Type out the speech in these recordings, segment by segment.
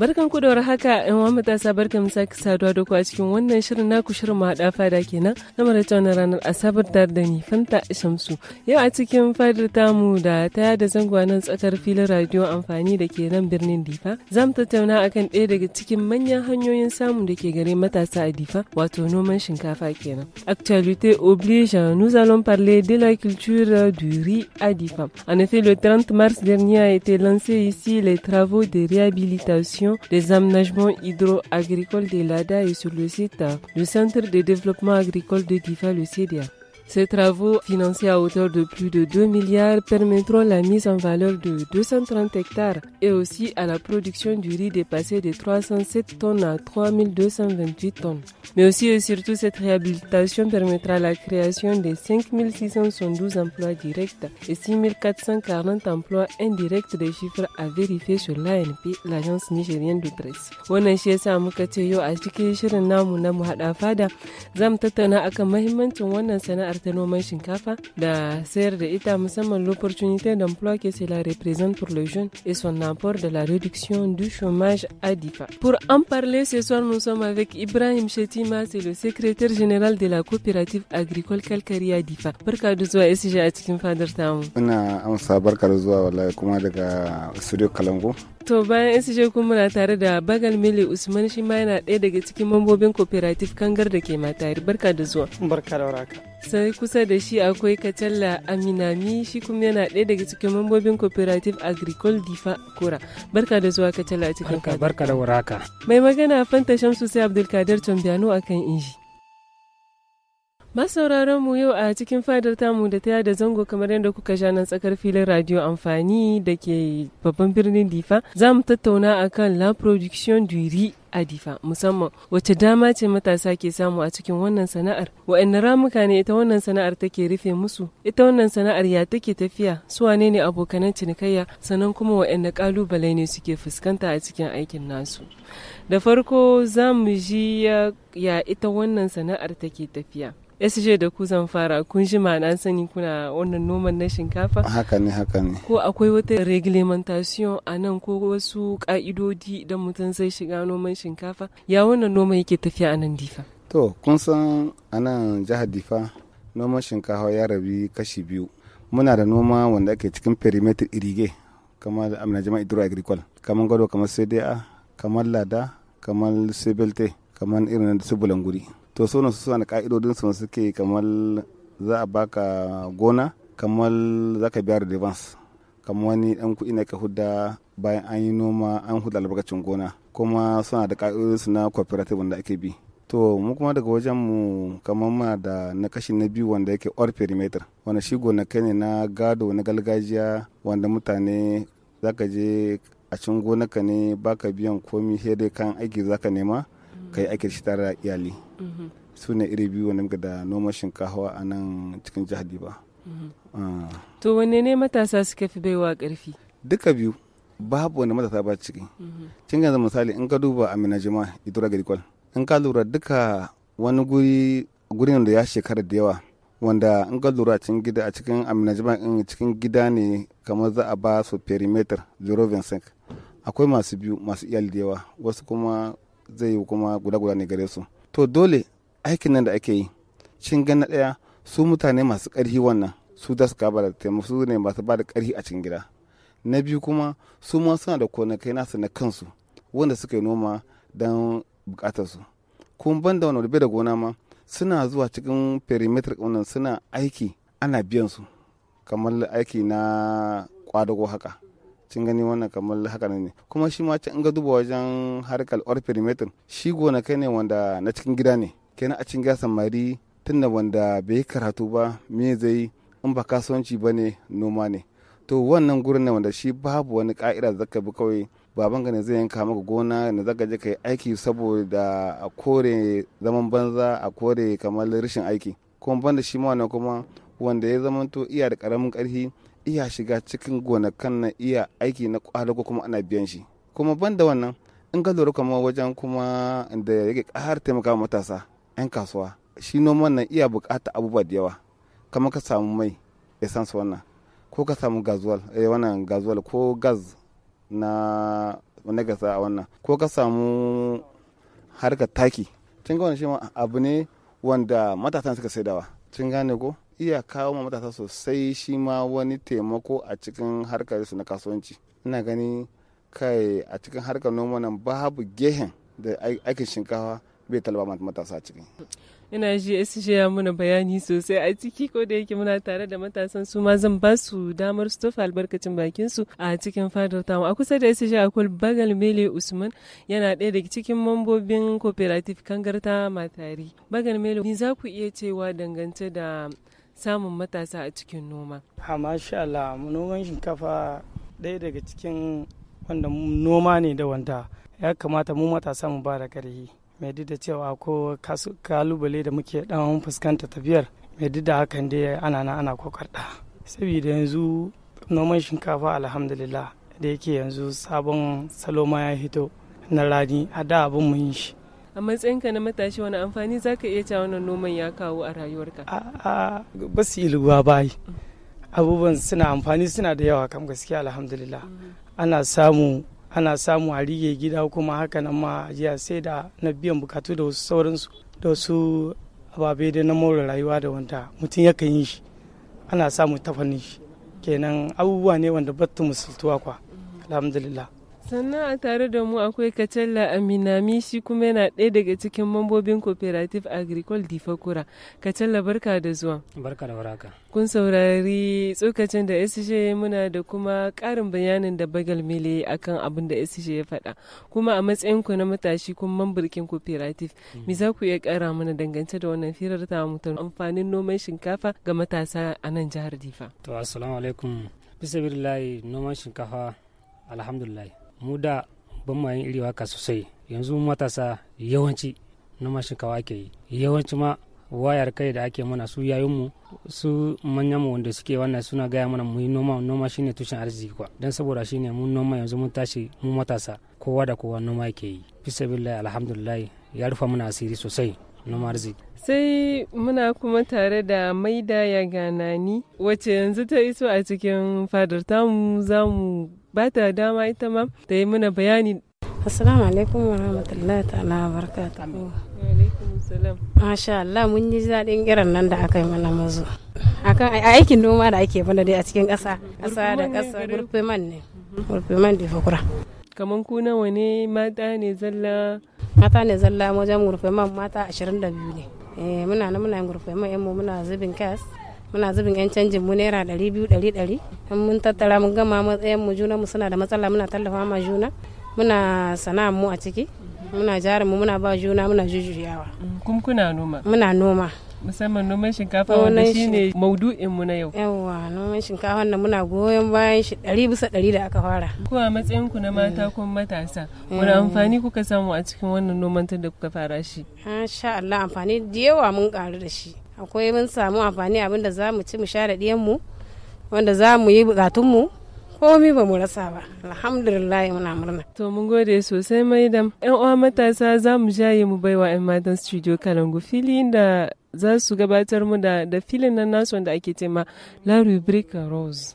Barkan ku da haka ‘yan wa matasa barka mu sake saduwa da ku a cikin wannan shirin naku shirin mahaɗa fada kenan na maraicen ranar Asabar tare da ni Fanta Shamsu. Yau a cikin fadar tamu da ta da zangwa nan tsakar filin radio amfani da ke nan birnin Difa. Za mu tattauna akan ɗaya daga cikin manyan hanyoyin samun da ke gare matasa a Difa wato noman shinkafa kenan. Actualité oblige, nous allons parler de la culture du riz à Difa. En effet, le 30 mars dernier a été lancé ici les travaux de réhabilitation des aménagements hydro-agricoles de l'ADA et sur le site du Centre de développement agricole de DIFA, le ces travaux, financés à hauteur de plus de 2 milliards, permettront la mise en valeur de 230 hectares et aussi à la production du riz dépassé de 307 tonnes à 3228 tonnes. Mais aussi et surtout, cette réhabilitation permettra la création de 5672 emplois directs et 6440 emplois indirects des chiffres à vérifier sur l'ANP, l'agence nigérienne de presse harkar ta noman shinkafa da sayar da ita musamman l'opportunité d'emploi que cela représente pour les jeunes et son apport de la réduction du chômage à DIFA. Pour en parler ce soir, nous sommes avec Ibrahim Chetima, c'est le secrétaire général de la coopérative agricole Kalkari DIFA. Barka da zuwa SJ a cikin fadar zuwa wallahi kuma daga Studio Kalango. To bayan SJ kuma muna tare da Bagal Mele Usman shi ma yana ɗaya daga cikin mambobin cooperative Kangar da ke matari. Barka da zuwa. Barka da waraka. Sai kusa da shi akwai Kacalla Aminami shi kuma yana ɗaya daga cikin mambobin cooperative Agricole Difa Kura. Barka da zuwa Kacalla a cikin Barka da waraka. Mai magana Fanta Shamsu sai Abdulkadir Cambiano akan inji. masauraran mu yau a cikin fadar tamu da ta da zango kamar yadda kuka sha nan tsakar filin radio amfani da ke babban birnin difa za mu tattauna akan la production du riz a difa musamman wacce dama ce matasa ke samu a cikin wannan sana'ar wa'anne ramuka ne ita wannan sana'ar take rufe musu ita wannan sana'ar ya take tafiya su wane ne abokanan cinikayya sannan kuma wa'anne kalubale ne suke fuskanta a cikin aikin nasu da farko za mu ji ya ita wannan sana'ar take tafiya SJ da ku zan fara kun ji na sani kuna wannan noman na shinkafa? Haka ne haka ne. Ko akwai wata reglementation a nan ko wasu ka'idodi idan mutum zai shiga noman shinkafa? Ya wannan noman yake tafiya a nan difa? To, kun san a nan jihar difa noman shinkafa ya rabi kashi biyu. Muna da noma wanda ake cikin perimeter irige kamar amina jama'a idro kamar gado kamar cda kamar lada kamar sebelte kamar irin su bulanguri. to sauran su suna da ka'idodin su ke kamar za a baka gona kamar za ka biya da kamar wani dan kuɗi na ka huda bayan an yi noma an huda albarkacin gona kuma suna da ka'idodin su na cooperative da ake bi to mu kuma daga wajen mu kamar ma da na kashi na biyu wanda yake or perimeter wanda shi gonakai ne na gado na gargajiya wanda mutane ka je a cin gonaka ne baka biyan komi sai dai kan aiki zaka nema ka yi aiki tare da iyali su ne iri biyu wanda muka da noman shinkawa a nan cikin jihar ba mhm. ah. to wanne ne matasa suka fi baiwa karfi duka biyu babu wani matasa ba ciki cin mhm. yanzu misali in ka duba amina jima itura garikwal in ka lura duka wani guri gurin da ya shekara da yawa wanda in ka lura cikin gida a cikin amina jima in cikin gida ne kamar za a ba su perimeter 0.5 akwai masu biyu masu iyali da yawa wasu kuma zai yi kuma guda guda ne gare su to dole aikin nan da ake yi cin na ɗaya su mutane masu ƙarfi wannan su da su kaba da taimako su ne masu ba da ƙarfi a cikin gida na biyu kuma su ma suna da konakai nasu na kansu wanda suka yi noma don bukatarsu kuma ban da wani da gona ma suna zuwa cikin perimeter wannan suna aiki ana biyan su kamar aiki na kwadago haka sun gani wannan kamar haka ne kuma shi ma in ga duba wajen harkar or perimeter shi gonakai ne wanda na cikin gida ne kenan a cikin gida samari da wanda bai karatu ba me zai in ba kasuwanci ba ne noma ne to wannan gurin ne wanda shi babu wani ka'ida da zaka bi kawai baban ka ne zai yanka maka gona ne zaka je ka yi aiki saboda a kore zaman banza a kore kamar rashin aiki kuma banda shi ma wannan kuma wanda ya zamanto iya da karamin karfi iya shiga cikin gonakan na iya aiki na ko kuma ana biyan shi kuma ban da wannan in ka lura kuma wajen kuma da yake ƙara taimaka matasa 'yan kasuwa shi noman na iya bukata abubuwa da yawa kama ka samu mai essence wannan ko ka samu gazuwal eh wannan gazuwal ko gas na wani gasa a wannan ko ka samu harkar taki cin gane shi abu ne wanda matasan suka saidawa cin gane ko iya kawo ma matasa sosai shi ma wani taimako a cikin harkar su na kasuwanci ina gani kai a cikin harkar noma nan babu gehen da aikin shinkafa bai talaba matasa cikin ina ji sj ya muna bayani sosai a ciki ko da yake muna tare da matasan su ma zan ba su damar su tofa albarkacin bakin su a cikin fadar tamu a kusa da sj akwai bagal mele usman yana ɗaya daga cikin mambobin cooperative kangarta matari bagal mele ni za ku iya cewa dangance da samun matasa a cikin noma? Masha Allah, noman shinkafa ɗaya daga cikin wanda noma ne da wanda ya kamata mu matasa mu ba da ƙarfi. Mai duk da cewa ko kalubale da muke ɗan fuskanta tafiyar, mai duk da hakan dai ana na ana kokarta. Saboda yanzu noman shinkafa alhamdulillah da yake yanzu sabon saloma ya hito na rani a da abin mun shi a matsayinka na matashi wani amfani za ka iya cewa wannan noman ya kawo a rayuwarka a ba su yi ruwa bayi mm. abubuwan suna amfani suna da yawa kam gaskiya alhamdulillah mm. ana samu ana samu a rige gida kuma haka nan ma ajiya sai da na biyan bukatu da wasu sauransu da wasu ababe da na more rayuwa da wanda mutum yakan yi shi ana samu tafanin shi kenan abubuwa ne wanda battu musultuwa kwa mm. alhamdulillah sannan a tare da mu akwai kacalla aminami shi kuma yana ɗaya daga cikin mambobin cooperative agricole Fakura kacalla barka da zuwa barka da waraka kun saurari tsokacin da sj muna da kuma ƙarin bayanin da bagal mele akan abin da sj ya faɗa kuma a matsayin ku na matashi kuma mamburkin cooperative me za ku iya ƙara mana dangance da wannan firar ta mutum amfanin noman shinkafa ga matasa a nan jihar difa to assalamu alaikum bisa noman shinkafa alhamdulillah mu da ban ma iri waka sosai yanzu matasa yawanci na mashinkawa ake yi yawanci ma wayar kai da ake mana su mu su manyan mu wanda suke wannan suna gaya mana mu yi noma noma shine tushen arziki kwa dan saboda shine mun noma yanzu mun tashi mu matasa kowa da kowa noma yake yi bisabillahi alhamdulillah ya rufa mana asiri sosai noma arziki sai muna kuma tare da maida ya ganani wacce yanzu ta iso a cikin fadar tamu zamu ba ta dama ita ma ta yi mana bayani assalamu alaikum wa rahmatullahi ta'ala wa barakatuhu masha Allah mun yi zaɗin irin nan da aka yi mana mazo akan aikin noma da ake bana dai a cikin ƙasa ƙasa da ƙasa man ne man da fakura kaman ku nawa ne mata ne zalla mata ne zalla wajen man mata ashirin da biyu ne eh muna nan muna gurfe man mu muna zubin kas muna zubin yan canjin mu naira ɗari biyu ɗari ɗari in mun tattara mun gama matsayin mu juna mu suna da matsala muna tallafa ma juna muna sana'ar mu a ciki muna jarin mu muna ba juna muna jujjuyawa Kun kuna noma muna noma musamman noman shinkafa wanda shine maudu'in mu na yau yawwa noman shinkafa wanda muna goyon bayan shi ɗari bisa ɗari da aka fara ko a matsayin ku na mata eh. ko matasa wani eh. amfani kuka samu a cikin wannan noman tun da kuka fara shi sha Allah amfani da yawa mun karu da shi akwai mun samu amfani abin da za mu ci mu share mu wanda za mu yi bukatunmu komi ba mu rasa ba alhamdulillah muna murna to mun gode sosai dam yan uwa matasa za mu jaye mu baiwa yan matan studio kalangu fili da za su gabatar mu da filin nan nasu wanda ake tema la rubrique rose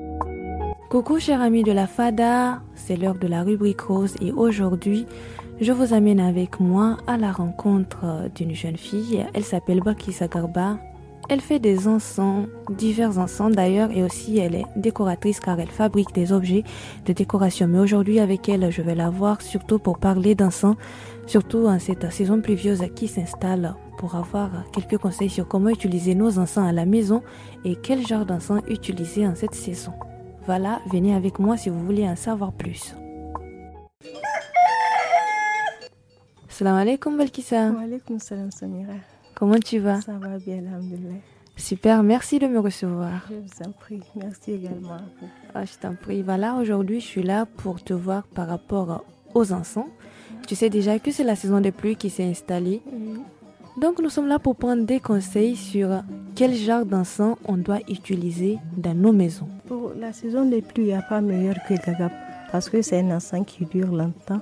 Coucou chers amis de la Fada, c'est l'heure de la rubrique rose et aujourd'hui je vous amène avec moi à la rencontre d'une jeune fille. Elle s'appelle Bakisa Garba. Elle fait des encens, divers encens d'ailleurs, et aussi elle est décoratrice car elle fabrique des objets de décoration. Mais aujourd'hui avec elle, je vais la voir surtout pour parler d'encens, surtout en cette saison pluvieuse qui s'installe pour avoir quelques conseils sur comment utiliser nos encens à la maison et quel genre d'encens utiliser en cette saison. Voilà, venez avec moi si vous voulez en savoir plus. Salam alaikum Balkissa. salam Samira. Comment tu vas Ça va bien, Super, merci de me recevoir. Je vous en prie, merci également. Ah, je t'en prie. Voilà, aujourd'hui, je suis là pour te voir par rapport aux enfants. Tu sais déjà que c'est la saison des pluies qui s'est installée. Donc nous sommes là pour prendre des conseils sur quel genre d'encens on doit utiliser dans nos maisons. Pour la saison des pluies, il n'y a pas meilleur que Gagap parce que c'est un encens qui dure longtemps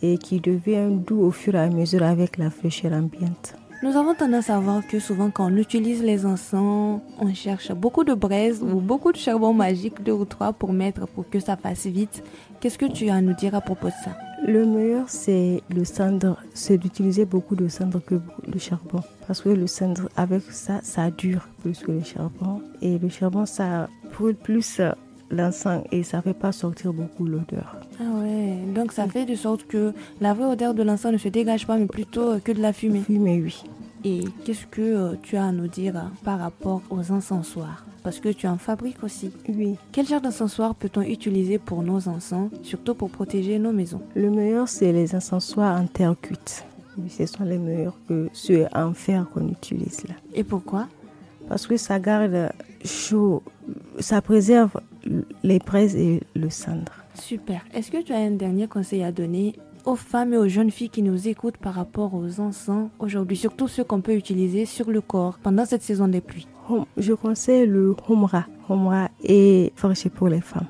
et qui devient doux au fur et à mesure avec la fraîcheur ambiante. Nous avons tendance à voir que souvent quand on utilise les encens, on cherche beaucoup de braise ou beaucoup de charbon magique, deux ou trois pour mettre pour que ça fasse vite. Qu'est-ce que tu as à nous dire à propos de ça Le meilleur, c'est le cendre, c'est d'utiliser beaucoup de cendre que le charbon. Parce que le cendre, avec ça, ça dure plus que le charbon. Et le charbon, ça brûle plus l'encens et ça ne fait pas sortir beaucoup l'odeur. Ah ouais, donc ça fait de sorte que la vraie odeur de l'encens ne se dégage pas, mais plutôt euh, que de la fumée. mais oui. Et qu'est-ce que euh, tu as à nous dire hein, par rapport aux encensoirs Parce que tu en fabriques aussi. Oui. Quel genre d'encensoir peut-on utiliser pour nos encens, surtout pour protéger nos maisons Le meilleur, c'est les encensoirs en terre cuite. Ce sont les meilleurs que ceux en fer qu'on utilise là. Et pourquoi parce que ça garde chaud, ça préserve les presses et le cendre. Super. Est-ce que tu as un dernier conseil à donner aux femmes et aux jeunes filles qui nous écoutent par rapport aux encens aujourd'hui, surtout ceux qu'on peut utiliser sur le corps pendant cette saison des pluies Je conseille le homra. Homra est forché pour les femmes.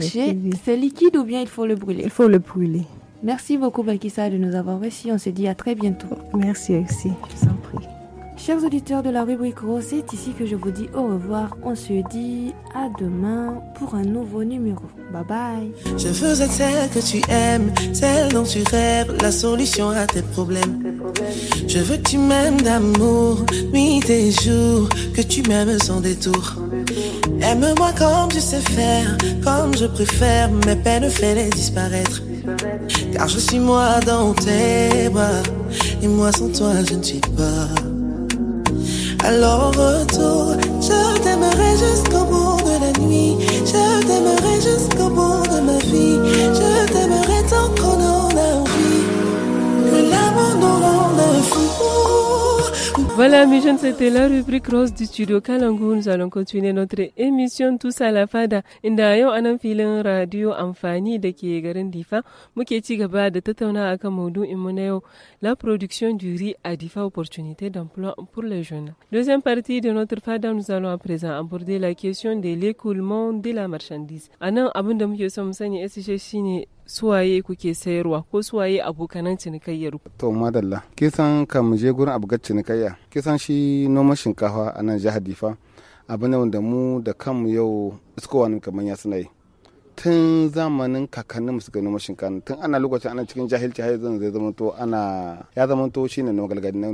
c'est liquide ou bien il faut le brûler Il faut le brûler. Merci beaucoup Bakissa de nous avoir reçus. On se dit à très bientôt. Merci aussi. Chers auditeurs de la rubrique Rose, c'est ici que je vous dis au revoir. On se dit à demain pour un nouveau numéro. Bye bye. Je veux être celle que tu aimes, celle dont tu rêves, la solution à tes problèmes. Je veux que tu m'aimes d'amour, nuit et jour, que tu m'aimes sans détour. Aime-moi comme je sais faire, comme je préfère, mes peines fais-les disparaître. Car je suis moi dans tes bras, et moi sans toi je ne suis pas. Alors retour. Je t'aimerai jusqu'au bout de la nuit. Je t'aimerai jusqu'au bout de ma vie. Voilà, mes jeunes, c'était la rubrique rose du studio Kalangu. Nous allons continuer notre émission tous à la fada. Inda yau anan filin radio amfani da ke garin Difa, muke ci gaba da tattauna akan maudu'in na yau, la production du riz à Difa opportunité d'emploi pour les jeunes. Deuxième partie de notre fada, nous allons à présent aborder la question de l'écoulement de la marchandise. Anan abin da muke son sani SG suwaye kuke sayarwa ko suwaye abokanan cinikayyar to madalla kisan ka mu je gurin abugar cinikayya kisan shi noman shinkafa a nan jihar difa abu ne wanda mu da kanmu yau iskowa ne kamar ya suna yi tun zamanin kakannin mu suka noma shinkafa tun ana lokacin ana cikin jahilci har yanzu zai zama to ana ya zama to shine noma galgadi na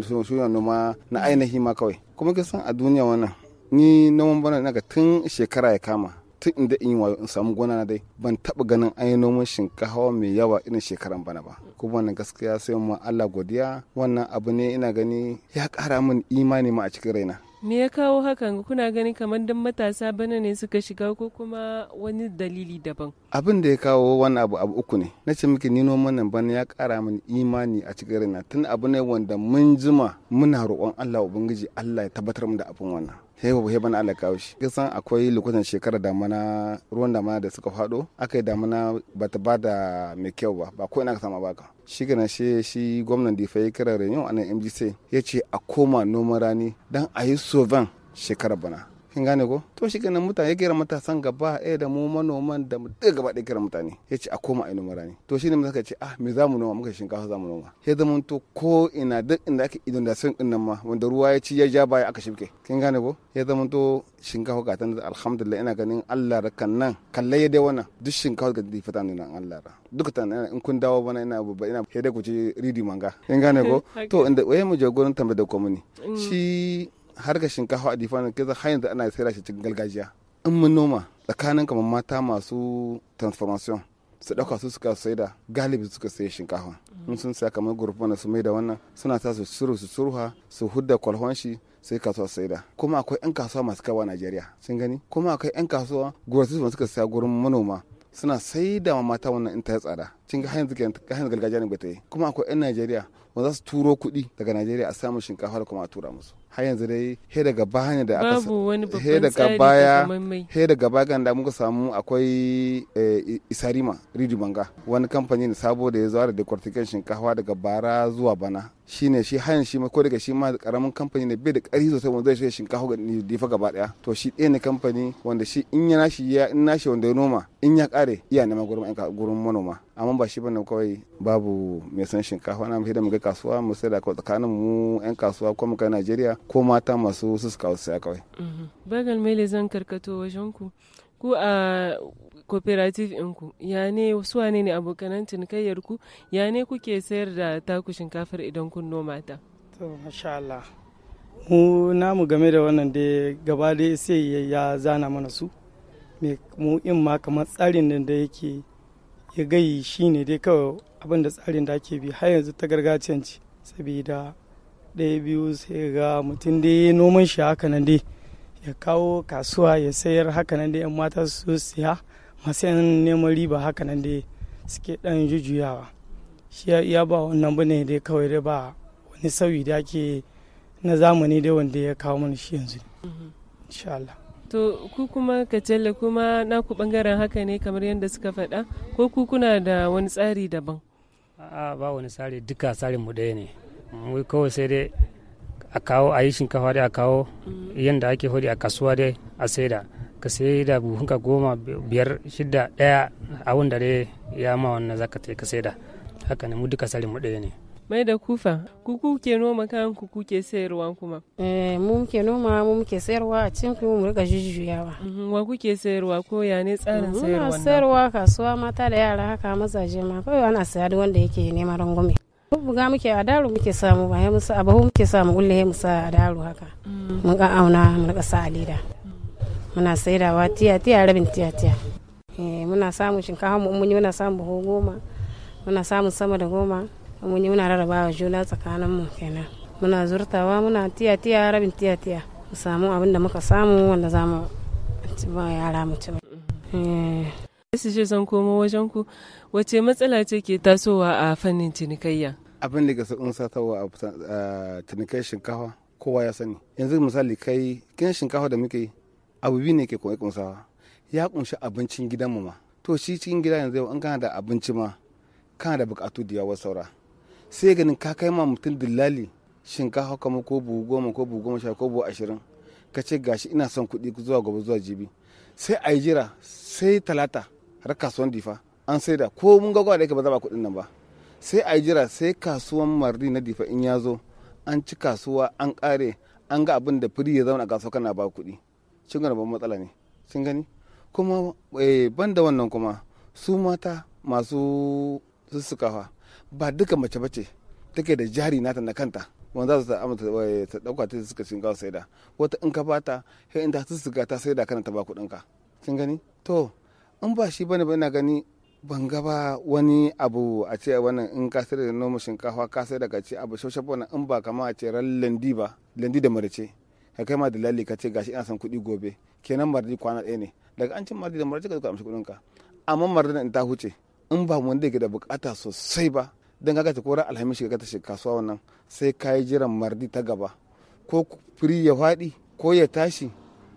noma na ainihi ma kawai kuma kisan a duniya wannan ni noman bana naga tun shekara ya kama tun inda in wayo in samu gona na dai ban taba ganin an yi noman shinkafa mai yawa irin shekaran bana ba kuma wannan gaskiya sai mu Allah godiya wannan abu ne ina gani ya kara min imani ma a cikin raina me ya kawo hakan kuna gani kamar dan matasa bana ne suka shiga ko kuma wani dalili daban abin da ya kawo wani abu abu uku ne na ce miki ni noman nan bana ya kara min imani a cikin raina tun abu ne wanda mun jima muna roƙon Allah ubangiji Allah ya tabbatar mu da abin wannan hewa he bana Allah kawo shi kisan akwai lokutan shekara damana ruwan damana da suka fado aka yi damana bata bada mai kyau ba ba ko ina ka b'a baka shi gana shi shi gwamnan difa ya kira reunion a nan mgc ya ce a koma noman rani dan a yi sovan shekara bana kin gane ko to shi kenan mutane ya kira matasan gaba a da mu manoman da mu duk gaba ɗaya kira mutane ya ce a koma a noma rani to ne muka ce ah me za mu noma muka shinkafa za mu noma ya zama to ko ina duk inda ake idon da sun nan ma wanda ruwa ya ci ya ja baya aka shimke kin gane ko ya zama to shinkafa ga ta alhamdulillah ina ganin Allah rakan nan kalle ya dai wannan duk shinkafa ga da fita nan Allah ra duka ta in kun dawo bana ina babba ina da ku ci ridi manga kin gane ko to inda waye mu gurin tambaye da komuni mm. shi harkar shinkafa a difa kiza har yanzu ana sayar shi cikin gargajiya in mun noma tsakanin kamar mata masu transformation su dauka su suka sai da galibi suka sai shinkafa in sun saya kamar gurbi su mai da wannan suna sa su suru su surha su hudda kwalhon shi sai kasuwa sai da kuma akwai yan kasuwa masu kawa Najeriya sun gani kuma akwai yan kasuwa gurbi su suka saya gurin manoma suna sai da mata wannan in ta yi tsada cin ga hanyar hanyar gargajiya ne ba ta yi kuma akwai yan Najeriya wanda za su turo kuɗi daga Najeriya a samun shinkafa da kuma a tura musu har yanzu dai he daga baya da aka he daga baya he daga baya da muka samu akwai eh, isarima banga wani kamfani ne sabo ya zuwa da dekortikan shinkafa daga bara zuwa bana ne shi hayan shi ma ko daga shi ma karamin kamfani ne bai da ƙarfi sosai wanda zai shiga shinkafa ga difa gaba daya to shi ɗaya ne kamfani wanda shi in ya nashi ya in nashi wanda ya noma in ya kare iya ne gurin gurin manoma amma ba shi bane kawai babu mai san shinkafa na da muga kasuwa mu sai da kawai tsakanin mu yan kasuwa ko mu kai Najeriya ko mata masu suka saya kawai mhm. bagal mele zan karkato wajen ku ku a ah, cooperative ɗinku ya ne su wane ne abokanan cinikayyar ku ya ne kuke sayar da taku shinkafar idan kun noma ta to masha Allah mu namu game da wannan da gaba da sai ya zana mana su mu in ma kamar tsarin nan da yake ya gayi shine dai kawai abin da tsarin da ake bi har yanzu ta ci saboda ɗaya biyu sai ga mutum dai noman shi haka nan dai ya kawo kasuwa ya sayar haka nan da 'yan mata su siya masu neman riba haka nan dai suke dan jujjuyawa shi ya ba wannan bane dai kawai dai ba wani sauyi da ake na zamani dai wanda ya kawo mana shi yanzu mhm. insha Allah to ku kuma kacelle kuma na ku bangaren haka ne kamar yadda suka faɗa ko ku kuna da wani tsari daban a'a ba wani tsari duka tsarin mu ɗaya ne mu kawai sai dai a kawo a yi shinkafa dai a kawo mhm. yadda ake hodi a kasuwa dai a saida ka sai da buhunka goma biyar shida ɗaya abun da dai ya ma wannan zaka ta ka sai da haka ne mu duka sarin mu ɗaya ne mai da kufa ku kuke noma kan ku kuke sayarwa kuma eh mu muke noma mu muke sayarwa a cikin ku mu rika jujjuyawa mhm, wa kuke sayarwa ko ya ne tsarin sayarwa muna sayarwa kasuwa mata da yara haka mazaje ma kawai ana saya duk wanda yake neman rangume buga muke a daro muke samu ba musu abahu muke samu ulle ya musa a daro haka mm. mun ka auna mun ga sa a leda muna saidawa tiya tiya rabin tiya tiya eh, muna samun shinkafa mu munyi muna samun buhu goma muna samun sama da goma munyi muna rarrabawa juna tsakanin mu kenan muna zurtawa muna tiya tiya rabin tiya tiya mu samu abin da muka samu wanda za mu ci ba yara mu ci eh. su shi san komo wajen ku wace matsala ce ke tasowa a fannin cinikayya abin da ga sun satawa a cinikai shinkafa kowa ya sani yanzu misali kai kin shinkafa da muke abu biyu ne ke kunsawa ya kunshi abincin gidan mu ma to shi cikin gida yanzu an kana da abinci ma kana da bukatu da yawa saura sai ganin ka kai ma mutum dillali shinkafa kama ko buhu goma ko buhu goma sha ko buhu ashirin ka ce gashi ina son kuɗi zuwa gobe zuwa jibi sai a jira sai talata har kasuwan difa an sai da ko mun gaggawa da yake ba za ba kuɗin nan ba sai a jira sai kasuwan mardi na difa in ya zo an ci kasuwa an kare an ga abin da firi ya zauna a kasuwa kana ba kuɗi cin babban matsala ne sun gani kuma eh, ban da wannan kuma su mata masu sussukawa ba duka mace bace take da jari nata na kanta wanda za su amsa ta dauka eh, ta suka cin gawa saida wata in ka bata sai in ta sussuka ta saida kana ta ba kudin ka sun gani to in ba shi bane ba ina gani ban ga ba wani abu a ce wannan in ka sai da noma shinkafa ka sai daga ce abu shaushaf wannan in ba kama a ce ran landi ba landi da marice ka kai ma dalali ka ce gashi ina son kuɗi gobe kenan mardi kwana ɗaya ne daga an cin mardi da mardi ka zuka kuɗin ka amma mardi in ta huce in ba wanda ke da bukata sosai ba don kaga ta kora alhamis ka ta shiga kasuwa wannan sai ka yi jiran mardi ta gaba ko firi ya faɗi ko ya tashi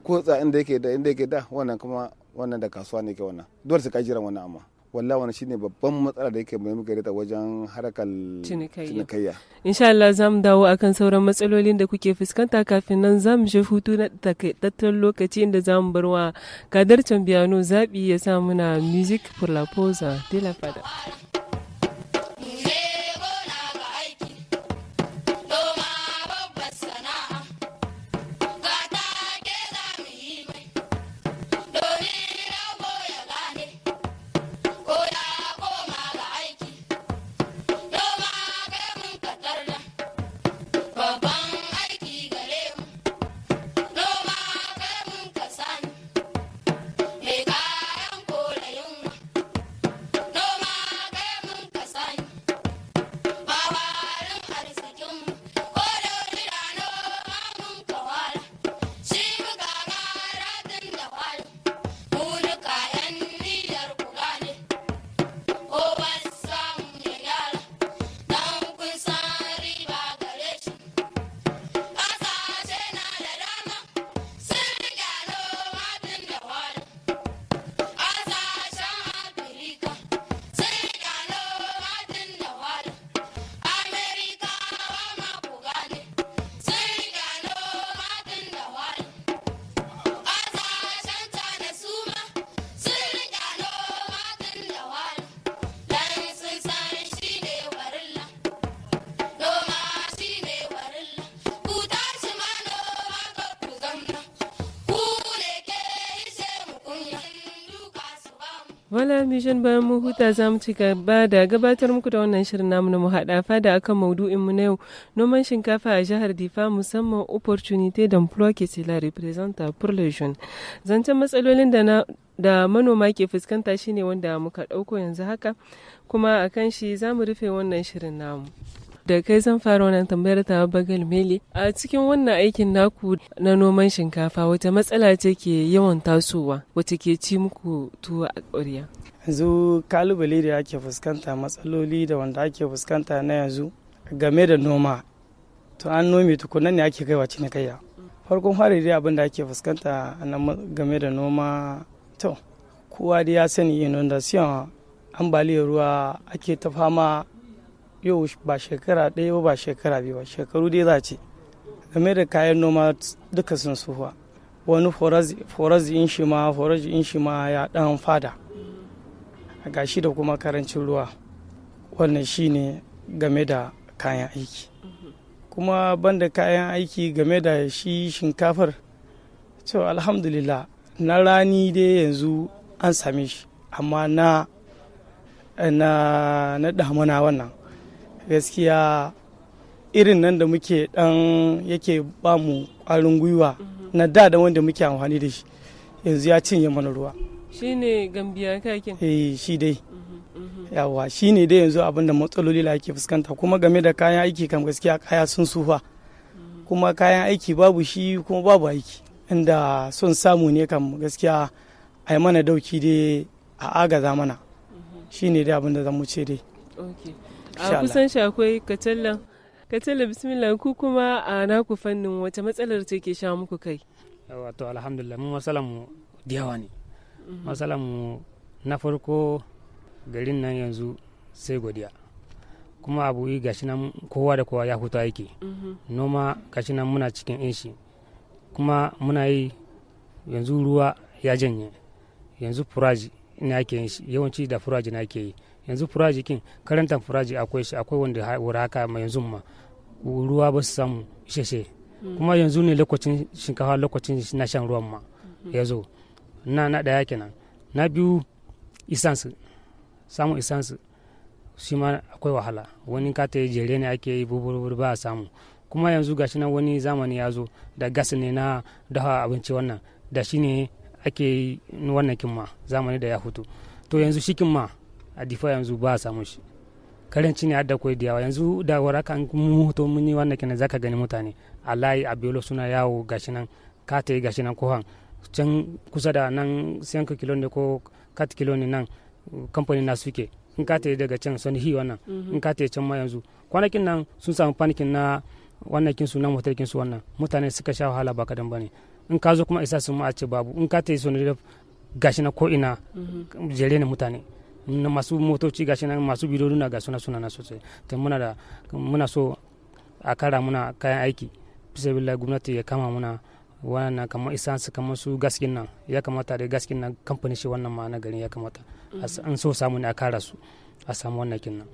ko tsa inda yake da inda yake da wannan kuma wannan da kasuwa ne ke wannan dole sai ka jiran wannan amma wala wani shine babban matsala da yake muhimmi gare ta wajen harkar cinikayya insha Allah za mu dawo akan sauran matsalolin da kuke fuskanta kafin nan mu je hutu na takaitattun lokaci inda zamu bar wa kadar biyano zaɓi ya sa muna music pour la posa de la fada saurara bayan mu huta za mu ci gaba da gabatar muku da wannan shirin namu na mu haɗa fada akan maudu'in mu na yau noman shinkafa a jihar Difa musamman opportunité da que cela representa pour le Zancen matsalolin da da manoma ke fuskanta shine wanda muka ɗauko yanzu haka kuma akan shi za mu rufe wannan shirin namu. da kai zan fara wannan tambayar ta bagal mele a cikin wannan aikin naku na noman shinkafa wata matsala ce ke yawan tasowa wata ke ci muku tuwo a ƙwarya yanzu kalubale da ake fuskanta matsaloli da wanda ake fuskanta na yanzu game da noma to an nome tukunan ne ake kaiwa cinikayya farkon fari dai abin da ake fuskanta game da noma to kowa dai ya sani siyan ambaliyar ruwa ake ta fama yau ba shekara ɗaya ba ba shekara biyu ba shekaru dai za ce game da kayan noma duka sun suhuwa wani forazi in shi ma forazi in shi ma ya ɗan fada a gashi da kuma karancin ruwa wannan shi ne game da kayan aiki kuma banda kayan aiki game da shi shinkafar to alhamdulillah na rani dai yanzu an same shi amma na na damuna wannan gaskiya irin nan da muke dan yake ba mu ƙwarin gwiwa na da da wanda muke amfani da shi yanzu ya cinye mana ruwa shi ne gambiya kakin eh shi dai mm-hmm, mm-hmm. yawa shi ne dai yanzu abin da matsaloli da ake fuskanta kuma game da kayan aiki kam gaskiya kaya sun sufa mm-hmm. kuma kayan aiki babu shi kuma babu aiki inda son samu ne kam gaskiya a yi mana dauki dai a agaza mana shi ne dai abin da zan ce dai a kusan shi akwai kacalla kacalla bismillah ku kuma a naku fannin wata matsalar ta ke sha muku kai wato alhamdulillah mun matsala mu yawa ne mhm. matsala mu na farko garin nan yanzu sai godiya kuma abu yi gashi nan kowa da kowa ya huta yake mhm. noma gashi nan muna cikin inshi kuma muna yi yanzu ruwa ya janye yanzu furaji na ke yawanci da furaji na ke yi yanzu furaji kin karantan furaji akwai shi akwai wanda wuri haka mai yanzu ma ruwa ba su samu isheshe mm. kuma yanzu ne lokacin shinkafa lokacin na shan ruwan ma mm. ya zo na na daya kenan na biyu isansu samu isansu shi ma akwai wahala wani kata ya jere ne ake yi buburu ba a samu kuma yanzu gashi nan wani zamani ya zo da gas ne na dafa abinci wannan da shi ne ake wannan kimma zamani da ya fito to yanzu shi kimma a difa yanzu ba a samu shi karanci ne hada koyi diyawa yanzu da waraka an mun hoto mun yi wannan kenan zaka gani mutane a layi a biyolo suna yawo gashi nan ka ta yi gashi nan kohan can kusa da nan siyanka kilo ne ko kat kilo ne nan kamfani na suke in ka ta yi daga can sani hi wannan mhm. in ka ta yi can ma yanzu kwanakin nan sun samu panikin na wannan kin na nan hotel kin su wannan mutane suka sha wahala ba kadan bane in ka zo kuma isa sun ma a ce babu in ka ta yi sun gashi na ko ina mhm. jere ne mutane masu motoci gashi nan masu na ga suna suna na sosai to muna da muna so a kara muna kayan aiki bisa bila gwamnati ya kama muna wannan kamar isansu kamar su gaskin nan ya kamata da gaskin nan kamfani shi wannan ma na garin ya kamata an so samu ne a kara su a samu wannan kin nan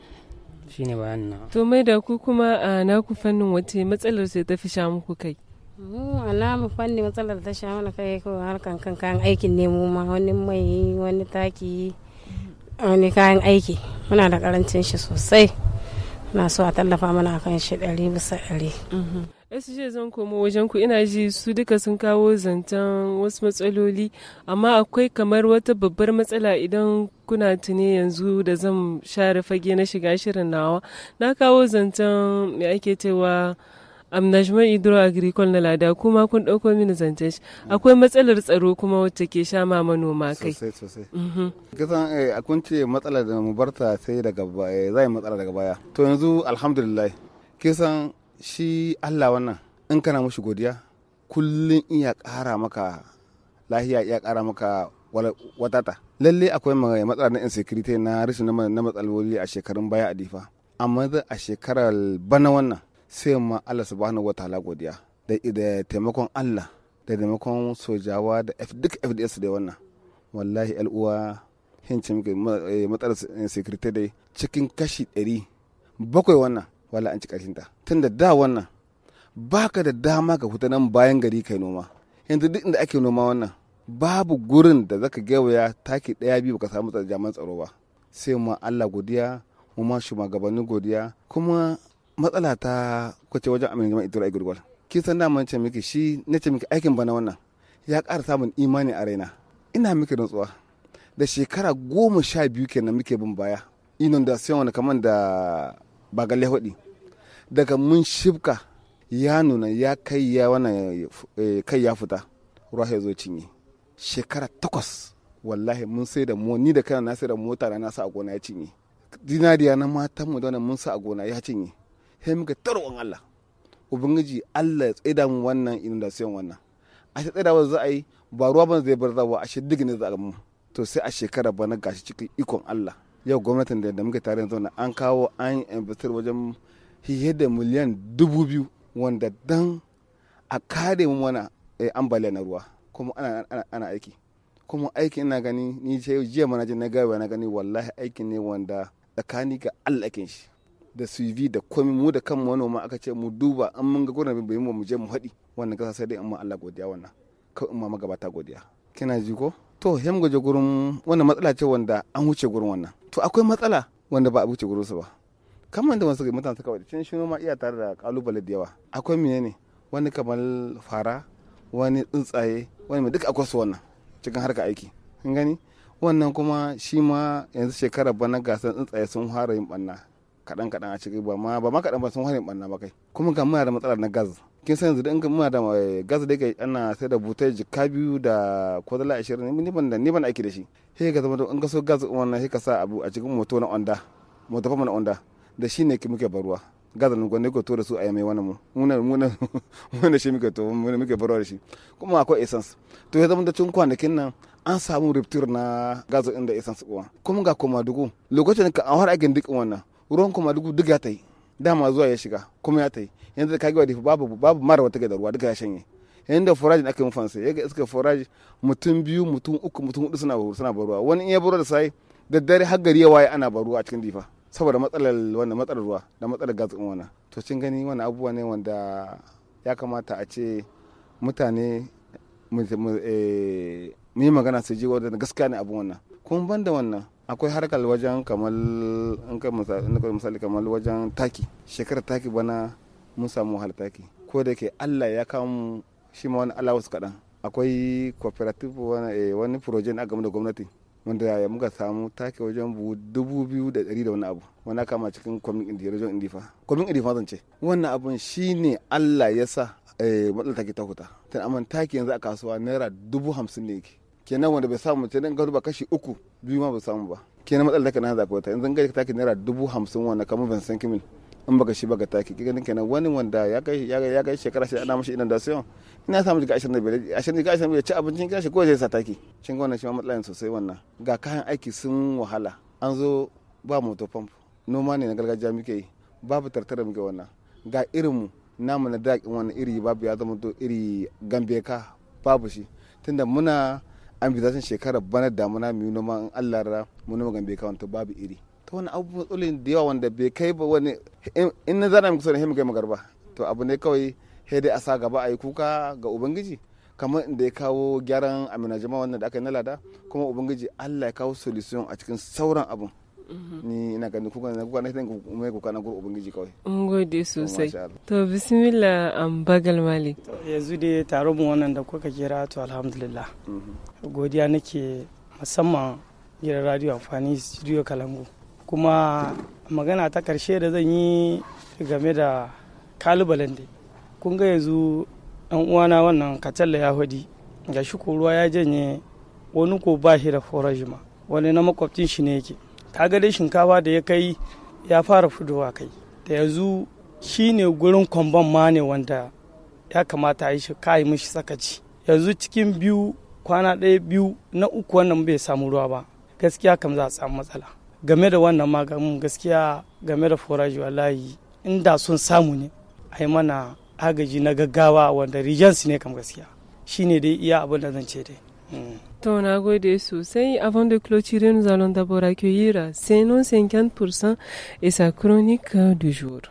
shine bayanin na to mai da ku kuma a na ku fannin wace matsalar sai ta fi sha muku kai mm, alamu fanni matsalar ta sha mana kai ko harkan kan kayan aikin nemo ma wani mai wani taki wani kayan aiki muna da karancin shi sosai na so a tallafa mana kan shi ɗari bisa ɗari. Yasu mm-hmm. shi zan komo wajen ku ina ji su duka sun kawo zancen wasu matsaloli amma akwai kamar wata babbar matsala idan kuna tuni yanzu da zan share fage na shiga shirin nawa na kawo zantan me ake cewa amnajman idro agricol na lada kuma kun ɗauko mini zance shi akwai matsalar tsaro kuma wacce ke sha ma manoma kai sosai sosai mhm. kisan eh, a kun ce matsala da mu barta sai daga baya eh, zai matsala daga baya to yanzu alhamdulillah kisan shi Allah wannan in kana mushi godiya kullun iya ƙara maka lahiya iya ƙara maka watata lalle akwai eh, matsala na insecurity na rashin na matsaloli a shekarun baya a difa amma a shekarar bana wannan sai ma Allah subhanahu wataala godiya da taimakon Allah da taimakon sojawa da duk FDS da wannan wallahi al'uwa hinci muke eh, matsalar eh, sekirte dai cikin kashi 100 bakwai wannan wala an ci ƙarshinta ta tunda da wannan baka da dama ka fita nan bayan gari kai noma yanzu duk inda ake noma wannan babu gurin da zaka gewaya taki ɗaya biyu baka samu jaman tsaro ba sai ma Allah godiya mu ma shugabannin godiya kuma matsala ta kwace wajen amin jama'a itura igurgwal kin san da mun ce miki shi na ce miki aikin bana wannan ya ƙara samun imani a raina ina miki rantsuwa da shekara goma sha biyu kenan muke bin baya inundation wani kamar da bagale hudi daga mun shibka ya nuna ya kai ya wani eh, kai ya fita ruwa ya zo cinye shekara takwas wallahi mun sai da ni da kana na sai da mota na sa a gona ya cinye dinariya na matan mu da mun sa a gona ya cinye sai muka tarwon Allah ubangiji Allah ya tsaida mu wannan inundasiyon wannan a shi wanda za a yi ba ruwa ban zai bar zawa a shi digini za a mu to sai a shekara bana gashi cikin ikon Allah yau gwamnatin da da muka tare yanzu an kawo an investir wajen fiye da miliyan dubu biyu wanda dan a kare mu mana eh, ambaliya na ruwa kuma ana aiki kuma aikin ina gani ni yau jiya mana na gaba na gani wallahi aikin ne wanda tsakani ga Allah kin shi da bi da komi mu da kan manoma aka ce mu duba an mun ga gurin bai mu je mu haɗi wannan gasa sai dai an ma Allah godiya wannan kawai in ma magabata godiya kina ji ko to hem goje gurin wannan matsala ce wanda an wuce gurin wannan to akwai matsala wanda ba a wuce gurin su ba kamar da wasu mutane suka wadi cin shino ma iya tare da kalubale da yawa akwai menene wani kamar fara wani tsuntsaye wani mai duk akwai su wannan cikin harka aiki kin gani wannan kuma shi ma yanzu shekarar bana gasar tsuntsaye sun fara yin banna kaɗan kaɗan a cikin ba ma ba ma kaɗan ba sun hana ɓanna ba kai kuma ga muna da matsalar na gas kin san yanzu da in ka muna da eh, gas da yake ana sai da butai jika biyu da kwadala ashirin ni ban da ni ban aiki da shi he ga zama in ka so gas wannan he ka sa abu a cikin moto na onda moto fa na onda da shi ne muke baruwa gas nan ko to da su a yamai wannan mu muna muna muna shi muke to muna muke baruwa da shi kuma akwai essence to ya zama da cikin kwanakin nan an samu rupture na gas inda essence kuma kuma ga koma dugu lokacin ka an har aikin duk wannan ruwan kuma dugu duk ya ta yi dama zuwa ya shiga kuma ya ta yi yanzu da kage da babu babu mara wata da ruwa duka ya shanye yanzu da forage aka yi fansa ya ga iska forage mutum biyu mutum uku mutum hudu suna suna baruwa wani in ya baro da sai dare har gari ya waye ana baruwa a cikin difa saboda matsalar wannan matsalar ruwa da matsalar gas din wannan to cin gani wannan abubuwa ne wanda ya kamata a ce mutane mu eh, yi magana su ji wadda gaskiya ne abun wannan kuma ban da wannan akwai harkar wajen kamar in ka misali kamar wajen taki shekarar taki bana mun samu wahal taki ko da ke allah ya kamu shi ma wani alawus kaɗan akwai cooperative wani eh, project a game da gwamnati wanda ya muka samu taki wajen buhu dubu biyu da ɗari da wani abu wanda kama cikin kwamin indiya rajon indifa kwamin indifa zan ce wannan abun ne allah ya sa eh, matsalar take ta huta ta amma taki yanzu a kasuwa naira dubu hamsin ne yake kenan wanda bai samu ce dan duba kashi uku biyu ma ba samu ba kenan matsalar taka na zaka wata yanzu ga taki naira dubu hamsin wanda kamar ban san kimin in baka shi baka taki kiga kenan wani wanda ya kai ya kai shekara sai ana mashi idan da sayo ina samu jiga 25 ashirin jiga 25 ci abincin kashi ko zai sa taki cin wannan shi ma matsalar sosai wannan ga kayan aiki sun wahala an zo ba motor pump noma ne na gargajiya muke yi babu tartara muke wannan ga irinmu namu na daƙin wannan iri babu ya zama to iri gambeka babu shi tunda muna an bi zatin shekara bana damuna mu noma an Allah ra mu noma gambe kawanta babu iri to wani abu tsolin da yawa wanda bai kai ba wani in na zana muku sauran kai magarba to abu ne kawai he dai a sa gaba a yi kuka ga ubangiji kamar inda ya kawo gyaran amina jama'a wannan da aka yi na lada kuma ubangiji Allah ya kawo solution a cikin sauran abun ni ina ganin kuka na kuka na kitan mai kuka na gurbin ubangiji kawai mun gode sosai to bismillah am um, bagal malik yanzu dai taron mu wannan da kuka kira to alhamdulillah mhm. godiya nake musamman gidan radio amfani studio kalangu kuma magana ta karshe da zan yi game da kalubalen dai kun ga yanzu dan uwana wannan katalla ya hudi ga shi ko ruwa ya janye wani ko ba shi da forajima wani na makwabcin shi ne yake ga dai shinkafa da ya kai ya fara fudowa kai da yanzu shi ne gurin kwamban ma ne wanda ya kamata yi shi kayi mishi sakaci yanzu cikin biyu kwana ɗaya biyu na uku wannan bai samu ruwa ba gaskiya kam za a samu matsala game da wannan maganin gaskiya game da foraji wallahi inda sun samu ne a yi mana agaji na gaggawa wanda rijansu ne kam gaskiya shine dai iya abin da zan ce dai hmm. Avant de clôturer, nous allons d'abord accueillir Sénon 50% et sa chronique du jour.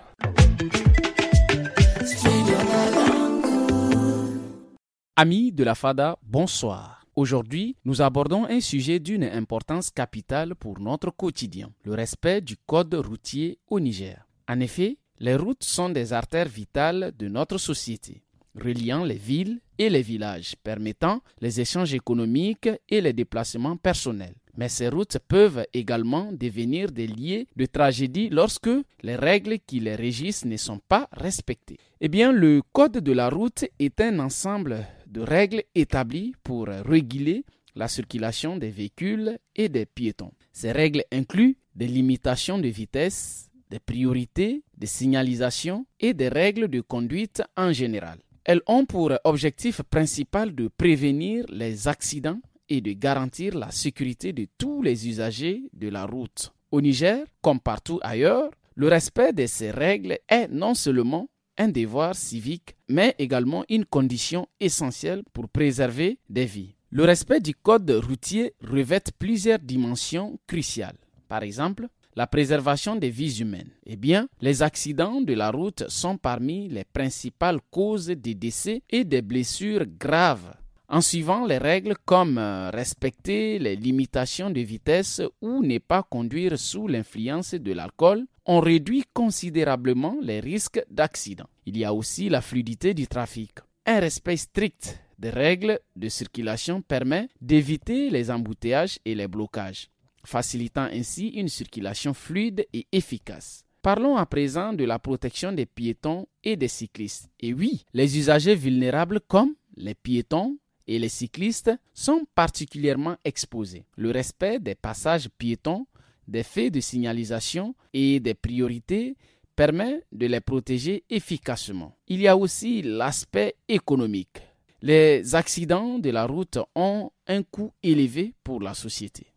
Amis de la FADA, bonsoir. Aujourd'hui, nous abordons un sujet d'une importance capitale pour notre quotidien, le respect du code routier au Niger. En effet, les routes sont des artères vitales de notre société reliant les villes et les villages, permettant les échanges économiques et les déplacements personnels. Mais ces routes peuvent également devenir des liés de tragédie lorsque les règles qui les régissent ne sont pas respectées. Eh bien, le code de la route est un ensemble de règles établies pour réguler la circulation des véhicules et des piétons. Ces règles incluent des limitations de vitesse, des priorités, des signalisations et des règles de conduite en général. Elles ont pour objectif principal de prévenir les accidents et de garantir la sécurité de tous les usagers de la route. Au Niger, comme partout ailleurs, le respect de ces règles est non seulement un devoir civique, mais également une condition essentielle pour préserver des vies. Le respect du code routier revêt plusieurs dimensions cruciales. Par exemple, la préservation des vies humaines. Eh bien, les accidents de la route sont parmi les principales causes des décès et des blessures graves. En suivant les règles comme euh, respecter les limitations de vitesse ou ne pas conduire sous l'influence de l'alcool, on réduit considérablement les risques d'accidents. Il y a aussi la fluidité du trafic. Un respect strict des règles de circulation permet d'éviter les embouteillages et les blocages facilitant ainsi une circulation fluide et efficace. Parlons à présent de la protection des piétons et des cyclistes. Et oui, les usagers vulnérables comme les piétons et les cyclistes sont particulièrement exposés. Le respect des passages piétons, des faits de signalisation et des priorités permet de les protéger efficacement. Il y a aussi l'aspect économique. Les accidents de la route ont un coût élevé pour la société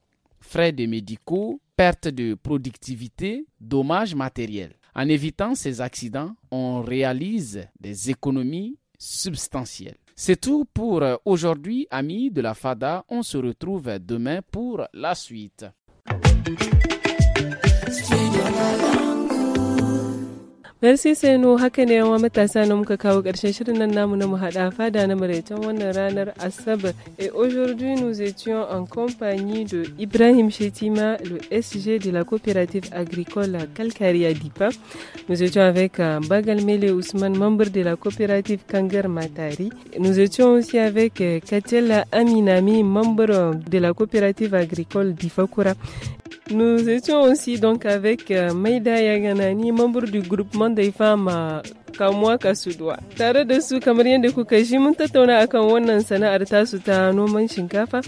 frais de médicaux, perte de productivité, dommages matériels. En évitant ces accidents, on réalise des économies substantielles. C'est tout pour euh, aujourd'hui, amis de la FADA. On se retrouve demain pour la suite. Merci c'est nous. haka ne yawan matasa muka kawo ƙarshen shirin nan namu na muhaɗa fada na maraicen wannan ranar Asabar. Et aujourd'hui nous étions en compagnie de Ibrahim Chetima, le SG de la coopérative agricole Calcaria DIPA. Nous étions avec euh, Bagal Mele Ousmane, membre de la coopérative Kangar Matari. Nous étions aussi avec euh, Katiela Aminami, membre euh, de la coopérative agricole d'Ifakura. Nous étions aussi donc avec euh, Maïda Yaganani, membre du groupement des femmes euh, kamuwa kasuduwa tare da su kamar yadda kuka shi mun tattauna akan wannan sana'ar tasu ta noman shinkafa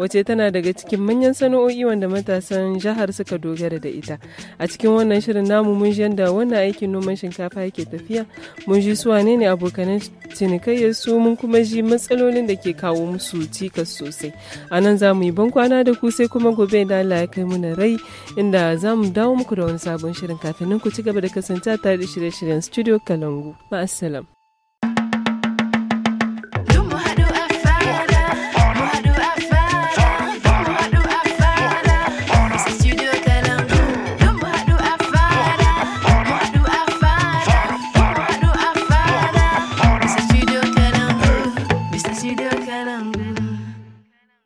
wace tana daga cikin manyan sana'o'i wanda matasan jihar suka dogara da ita a cikin wannan shirin namu mun ji yadda wannan aikin noman shinkafa yake tafiya mun ji su wane ne abokanan cinikayya su mun kuma ji matsalolin da ke kawo musu cikas sosai a nan za mu yi ban kwana da ku sai kuma gobe da Allah ya kai muna rai inda za mu dawo muku da wani sabon shirin kafin ku ci gaba da kasance tare da shirye-shiryen studio kalon التانجو مع السلامة